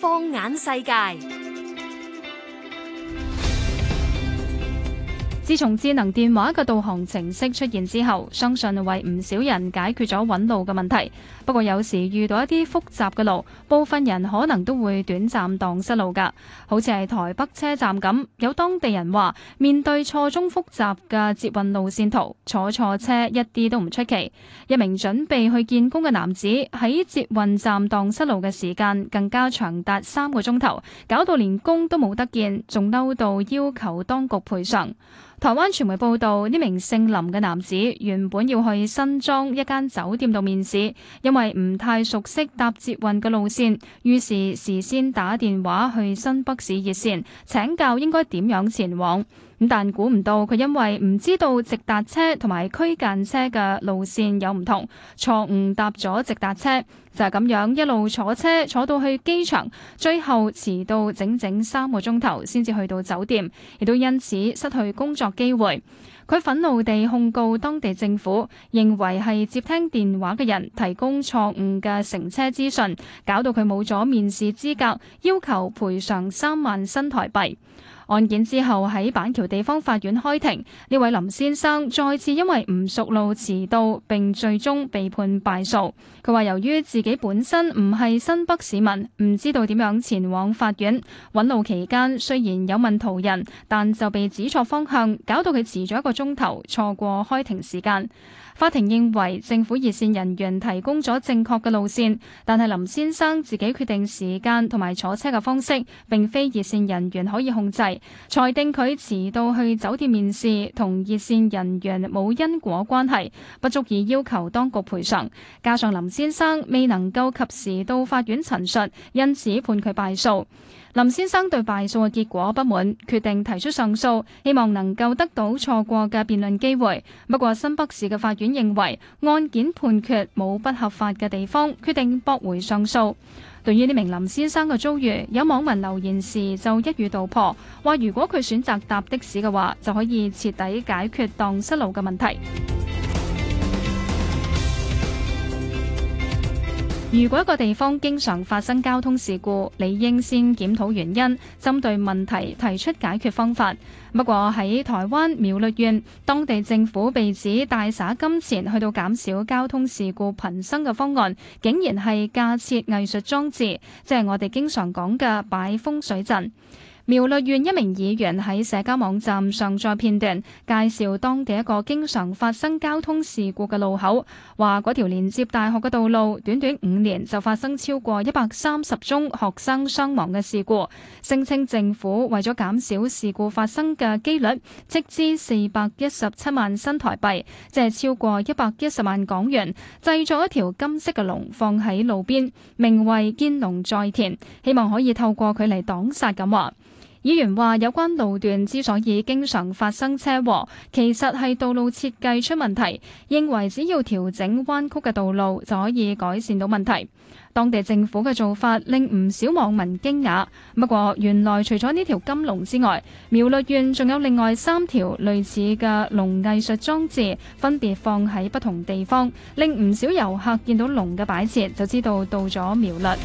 放眼世界。自從智能電話嘅導航程式出現之後，相信為唔少人解決咗揾路嘅問題。不過，有時遇到一啲複雜嘅路，部分人可能都會短暫蕩失路㗎。好似係台北車站咁，有當地人話，面對錯綜複雜嘅捷運路線圖，坐錯車一啲都唔出奇。一名準備去見工嘅男子喺捷運站蕩失路嘅時間更加長達三個鐘頭，搞到連工都冇得見，仲嬲到要求當局賠償。台灣傳媒報道，呢名姓林嘅男子原本要去新莊一間酒店度面試，因為唔太熟悉搭捷運嘅路線，於是事先打電話去新北市熱線，請教應該點樣前往。但估唔到佢因為唔知道直達車同埋區間車嘅路線有唔同，錯誤搭咗直達車，就係咁樣一路坐車坐到去機場，最後遲到整整三個鐘頭先至去到酒店，亦都因此失去工作機會，佢憤怒地控告當地政府，認為係接聽電話嘅人提供錯誤嘅乘車資訊，搞到佢冇咗面試資格，要求賠償三萬新台幣。案件之後喺板橋地方法院開庭，呢位林先生再次因為唔熟路遲到，並最終被判敗訴。佢話：由於自己本身唔係新北市民，唔知道點樣前往法院。揾路期間雖然有問途人，但就被指錯方向，搞到佢遲咗一個鐘頭，錯過開庭時間。法庭認為政府熱線人員提供咗正確嘅路線，但係林先生自己決定時間同埋坐車嘅方式，並非熱線人員可以控制。裁定佢遲到去酒店面試同熱線人員冇因果關係，不足以要求當局賠償。加上林先生未能夠及時到法院陳述，因此判佢敗訴。林先生對敗訴嘅結果不滿，決定提出上訴，希望能夠得到錯過嘅辯論機會。不過新北市嘅法院認為案件判決冇不合法嘅地方，決定駁回上訴。對於呢名林先生嘅遭遇，有網民留言時就一語道破，話如果佢選擇搭的士嘅話，就可以徹底解決蕩失路嘅問題。如果一個地方經常發生交通事故，理應先檢討原因，針對問題提出解決方法。不過喺台灣苗栗縣，當地政府被指大灑金錢去到減少交通事故頻生嘅方案，竟然係架設藝術裝置，即係我哋經常講嘅擺風水陣。苗栗縣一名議員喺社交網站上載片段，介紹當地一個經常發生交通事故嘅路口，話嗰條連接大學嘅道路，短短五年就發生超過一百三十宗學生傷亡嘅事故。聲稱政府為咗減少事故發生嘅幾率，斥資四百一十七萬新台幣，即係超過一百一十萬港元，製作一條金色嘅龍放喺路邊，名為“見龍在田”，希望可以透過佢嚟擋煞咁話。議員話：有關路段之所以經常發生車禍，其實係道路設計出問題，認為只要調整彎曲嘅道路就可以改善到問題。當地政府嘅做法令唔少網民驚訝。不過原來除咗呢條金龍之外，苗栗縣仲有另外三條類似嘅龍藝術裝置，分別放喺不同地方，令唔少遊客見到龍嘅擺設就知道到咗苗栗。